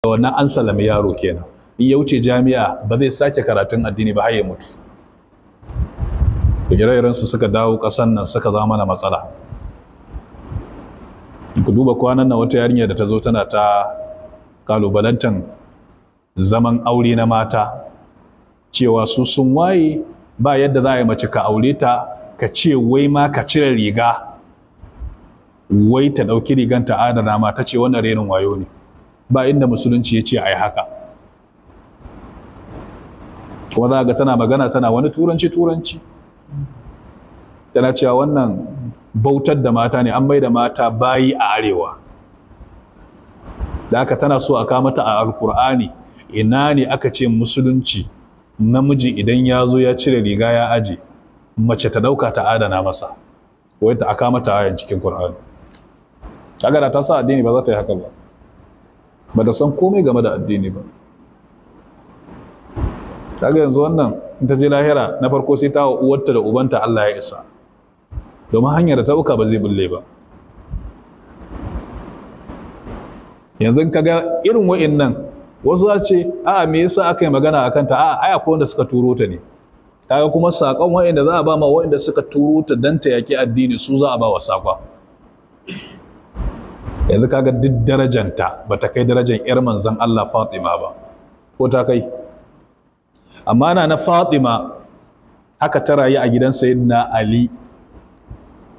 wannan an salami yaro kenan in ya wuce jami'a ba zai sake karatun addini ba har ya mutu ire su suka dawo ƙasan nan suka zama na matsala ku duba kwanan nan wata yarinya da ta zo tana ta kalubalantan zaman aure na mata cewa su sun waye ba yadda za a yi mace ka aure ta ka ce wai ma ka cire riga wai ta ɗauki riganta adana ma ta ce wannan renin wayo ne ba inda musulunci ya ce a yi haka ko ga tana magana tana wani turanci turanci tana cewa wannan bautar da mata ne an mai da mata bayi a arewa da haka tana so a kamata a alkur'ani ina ne aka ce musulunci namiji idan ya zo ya cire riga ya aje mace ta ɗauka ta adana masa wadda ta aka mata ayan cikin Qur'ani Agada da ta sa addini ba za ta yi haka ba ba ta san komai game da addini ba daga yanzu wannan in ta je lahira na farko sai ta wa uwarta da ubanta Allah ya isa domin hanyar da ta uka ba zai bulle ba yanzu ka ga irin wa'in nan wasu za ce a me yasa aka yi magana akan ta a aya ko wanda suka turo ta ne kaga kuma sakon da za a ba ma da suka turo ta dan ta yaki addini su za a ba wa sakon yanzu kaga duk darajanta ba ta kai darajan yar manzon Allah Fatima ba ko ta kai amma na na Fatima haka ta rayu a gidan sayyidina Ali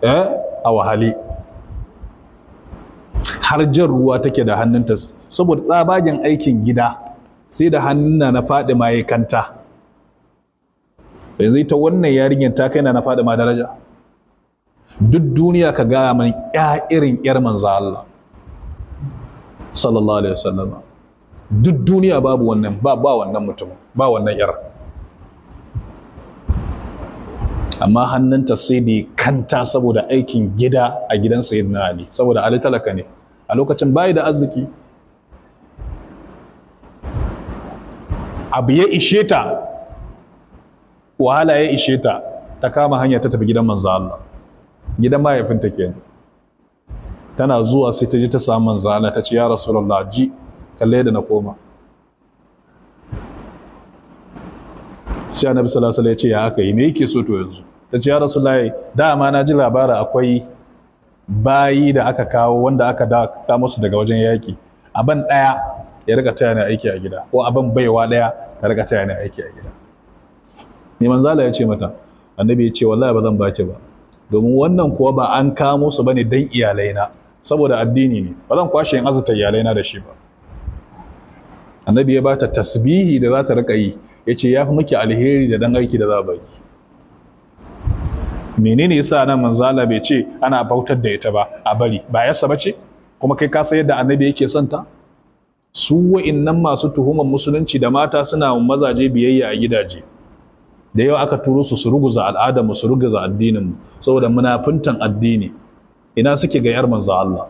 eh a wahali har jan ruwa take da hannunta saboda tsabagen aikin gida sai da hannuna na Fatima ya kanta yanzu ita wannan yarinyar ta kai na na Fatima daraja duk duniya ka gaya mani ya irin yar manzo Allah sallallahu alaihi wasallam duk duniya babu wannan ba ba wannan mutum ba wannan yar amma hannunta sai da kanta saboda aikin gida a gidan sayyidina ali saboda ali talaka ne a lokacin bayi da arziki abu ya ishe ta wahala ya ishe ta ta kama hanya ta tafi gidan manzo Allah gidan mahaifinta kenan tana zuwa sai ta ji ta samu manzo ta ce ya rasulullah ji kalle da na koma sai annabi sallallahu alaihi wasallam ya ce ya aka yi me yake so to yanzu ta ce ya rasulullah dama na ji labarin akwai bayi da aka kawo wanda aka da ta musu daga wajen yaki aban daya ya rika taya ni aiki a gida ko aban baiwa daya ya rika taya ni aiki a gida ne manzo ya ce mata annabi ya ce wallahi ba zan baki ba domin wannan kuwa ba an kamo su bane dan iyalai na. saboda addini ne ba zan kwashe yin azuta iyalaina da shi ba annabi ya bata tasbihi da za ta rika yi ya ce ya fi miki alheri da dan aiki da za baki menene yasa nan manzala bai ce ana bautar da ita ba a bari ba yasa ba ce kuma kai ka san yadda annabi yake son ta su wa'innan masu tuhumar musulunci da mata suna mazaje biyayya a gidaje da yau aka turo su su ruguza al'adarmu su ruguza mu saboda munafuntan addini ina suke ga yar manzo Allah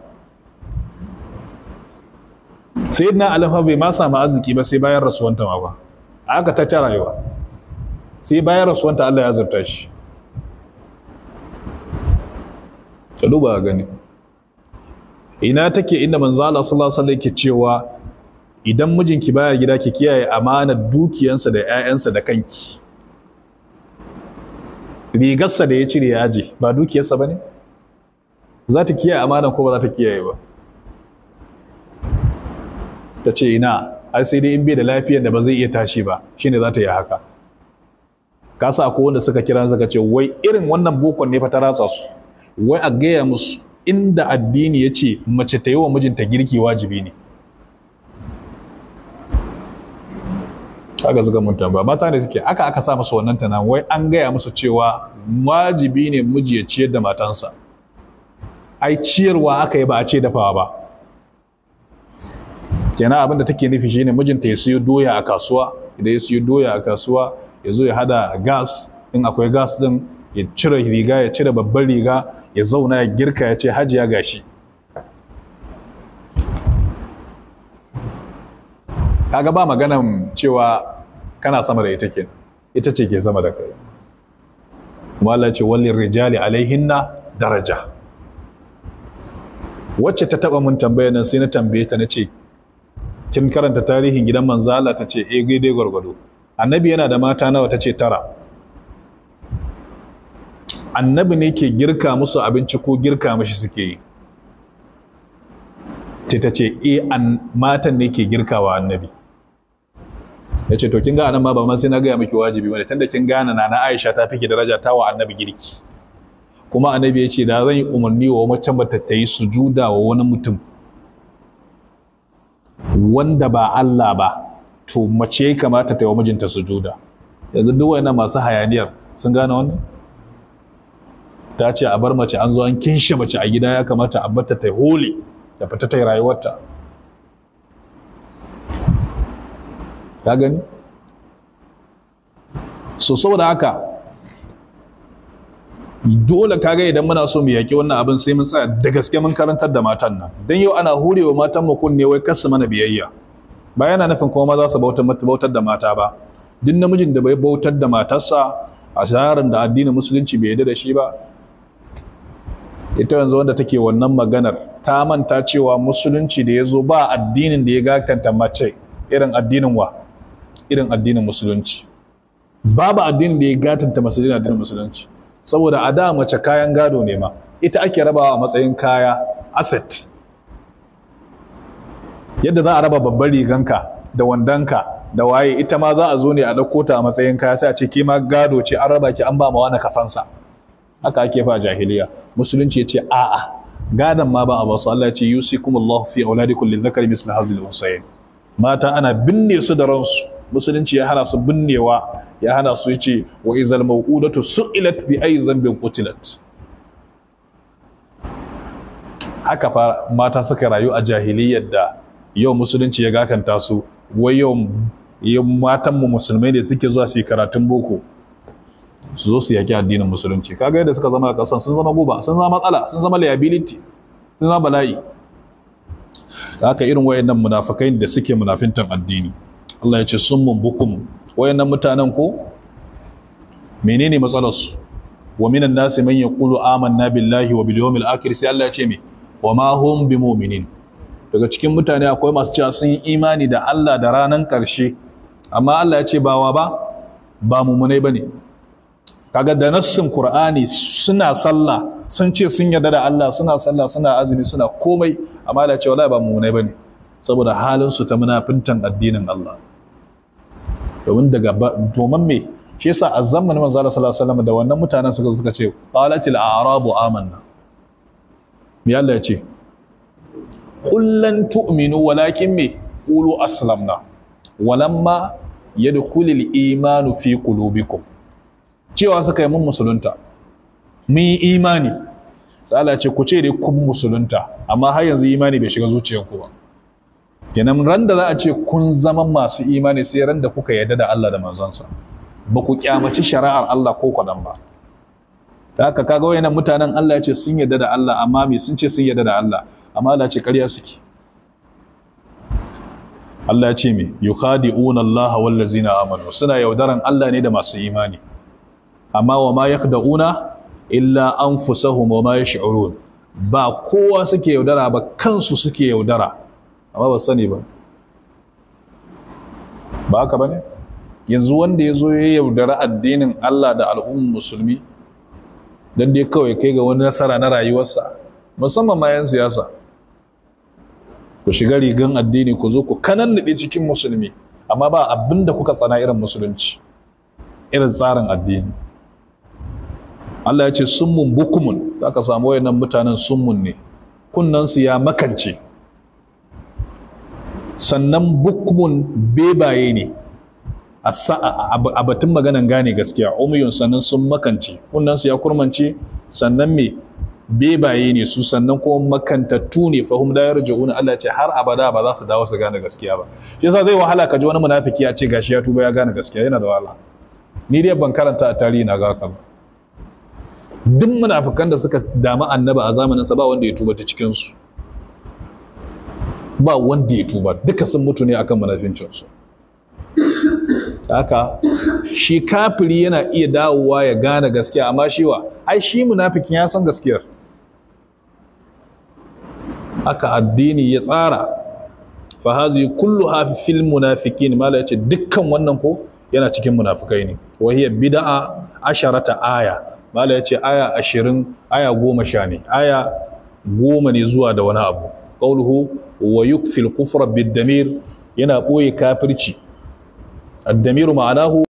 sayyidina alfa bai ma samu arziki ba sai bayan rasuwanta ma ba aka ta ta rayuwa sai bayan rasuwanta Allah ya zarta shi ta duba gani ina take inda manzo Allah sallallahu alaihi wasallam yake cewa idan mijinki baya gida ki kiyaye amanar dukiyansa da ƴaƴansa da kanki rigarsa da ya cire ya ba dukiyarsa bane ne za ta kiyaye amanan ko ba za ta kiyaye ba ta ce ina ai sai dai in bai da lafiyar da ba zai iya tashi ba shine za ta yi haka ka sa ko wanda suka kira suka ce wai irin wannan bokon ne fa ta ratsa su wai a gaya musu inda addini ya ce mace ta yi wa mijinta girki wajibi ne aka zuga mun tambaya mata ne suke aka aka sa masa wannan tana wai an gaya musu cewa wajibi ne miji ya ciyar da matansa ai ciyarwa aka yi ba a ce dafawa ba kenan abin da take nufi shine mijinta ya siyo doya a kasuwa idan ya siyo doya a kasuwa ya zo ya hada gas in akwai gas din ya cire riga ya cire babban riga ya zauna ya girka ya ce hajiya gashi kaga ba maganan cewa kana sama da ita kenan ita ce ke sama da kai kuma Allah ce wallin rijali alaihinna daraja wacce ta taba mun tambaya nan sai na tambaye ta nace kin karanta tarihin gidan manzo Allah tace eh gaidai gwargwado annabi yana da mata nawa tace tara annabi ne ke girka musu abinci ko girka mashi suke yi ce ta ce e an matan ne ke girkawa annabi ya ce to kin ga anan ma ba ma sai na gaya miki wajibi bane tunda kin gane na na Aisha ta fi daraja ta wa annabi girki kuma annabi ya ce da zan yi umarni wa macen ba ta yi sujuda wa wani mutum wanda ba Allah ba to mace ya kamata ta yi wa mijinta sujuda yanzu duk wayana masu hayaniyar sun gane wannan ta ce a bar mace an zo an kinshe mace a gida ya kamata a bata ta hole da fita ta rayuwarta ta gani so saboda haka dole ka kaga idan muna so mu yaki wannan abin sai mun tsaya da gaske mun karantar da matan nan dan yau ana hurewa matan mu kunne wai kasu mana biyayya ba yana nufin kuma maza su bautar da mata ba duk namijin da bai bautar da matarsa a shaharar da addinin musulunci bai yarda da shi ba ita yanzu wanda take wannan maganar ta manta cewa musulunci da ya zo ba addinin da ya gatanta mace irin addinin wa irin addinin musulunci babu addinin da ya gatanta masu addinin musulunci saboda a da mace kayan gado ne ma ita ake rabawa matsayin kaya asset yadda za a raba babban riganka da wandanka da waye ita ma za a zo ne a ɗauko ta a matsayin kaya sai a ce kima gado ce an raba ki an ba ma wani kasansa haka ake fa jahiliya musulunci ya ce a'a gadon ma ba a basu Allah ya ce yusikumullahu fi auladikum lil zakari mislu hazil unsayin mata ana binne su da ransu musulunci ya hana su binnewa ya hana su yace wa izal mawudatu su'ilat bi ayi zambin qutilat haka fa mata suka rayu a jahiliyyar da yau musulunci ya gakanta su wai yau matan mu musulmai ne suke zuwa su yi karatun boko su zo su yaki addinin musulunci kaga yadda suka zama kasan sun zama guba sun zama matsala sun zama liability sun zama bala'i haka irin wayannan munafikai da suke munafintan addini Allah ya ce summun bukum wayannan mutanen ko menene matsalarsu wa minan nasi man yaqulu amanna billahi wa bil yawmil sai Allah ya ce me wa ma bi bimumin daga cikin mutane akwai masu cewa sun yi imani da Allah da ranar karshe amma Allah ya ce bawa ba ba ba ne. kaga da nassin Kur'ani suna sallah sun ce sun yarda da Allah suna sallah suna azumi suna komai amma Allah ya ce wallahi ba mumunai bane saboda halinsu ta munafintan addinin Allah domin daga domin me shi yasa a zamanin manzo Allah sallallahu alaihi wasallam da wannan mutanen suka suka ce qalatil a'rabu amanna me Allah ya ce qul lan tu'minu walakin me qulu aslamna walamma yadkhulul imanu fi qulubikum cewa suka yi mun musulunta mun yi imani sai Allah ya ce ku ce dai kun musulunta amma har yanzu imani bai shiga zuciyarku ba kenan ran da za a ce kun zama masu imani sai ran da kuka yarda da Allah da manzonsa ba ku kyamaci shari'ar Allah ko kwadan ba ta haka kaga wayannan mutanen Allah ya ce sun yarda da Allah amma me sun ce sun yarda da Allah amma Allah ce ƙarya suke Allah ya ce me yukhadi'una Allah wal ladzina amanu suna yaudaran Allah ne da masu imani amma wa ma yakhda'una illa anfusahum wa ma yash'urun ba kowa suke yaudara ba kansu suke yaudara amma ba sani ba ba haka ba ne yanzu wanda ya zo ya yaudara addinin Allah da al'ummar musulmi don dai kawai kai ga wani nasara na rayuwarsa musamman ma 'yan siyasa ku shiga rigan addini ku zo ku kananlade cikin musulmi amma ba abinda kuka tsana irin musulunci irin tsarin addini Allah ya ce summun bukumun za ka samu wayannan mutanen summun ne kunnansu ya makance sannan bukmun bebaye ne a batun maganan gane gaskiya umiyun sannan sun makance kunnansu ya kurmance sannan me bebaye ne su sannan kuma makantattu ne fahim da yarji'una Allah ce har abada ba za su dawo su gane gaskiya ba shi yasa zai wahala ka ji wani munafiki ya ce gashi ya tuba ya gane gaskiya yana da wahala ni dai ban karanta a tarihi na ga ba duk munafikan da suka dami annaba a zamanin sa ba wanda ya tuba ta cikin su ba wanda ya tuba duka sun mutu ne akan munafincinsu haka shi kafiri yana iya dawowa ya gane gaskiya amma shi wa ai shi munafikin ya san gaskiyar haka addini ya tsara fa hazi kullu fil munafikin mala yace dukkan wannan ko yana cikin munafikai ne wa hiya bid'a asharata aya mala yace aya 20 aya 10 ne aya goma ne zuwa da wani abu qawluhu wa yukfil kufra bid damir yana boye kafirci ad-damir ma'anahu